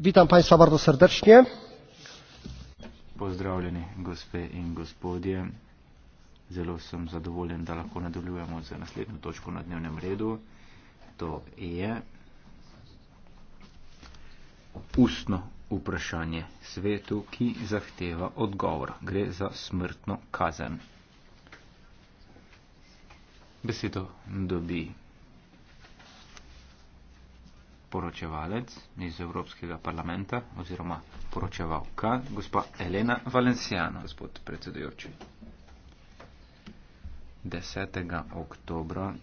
Witam Państwa bardzo serdecznie. Pozdrawiam gospe i gospodzie. Zelo jestem zadowolony, że lahko nadaljujemy za następną toczkę na dniowym redu. To jest ustno upraszanie światu, ki zachtewa odgovor. Gre za smrtno kazen. Besedo dobi poročevalec iz Evropskega parlamenta oziroma poročevalka, gospa Elena Valenciano, gospod predsedujoči. 10. oktobra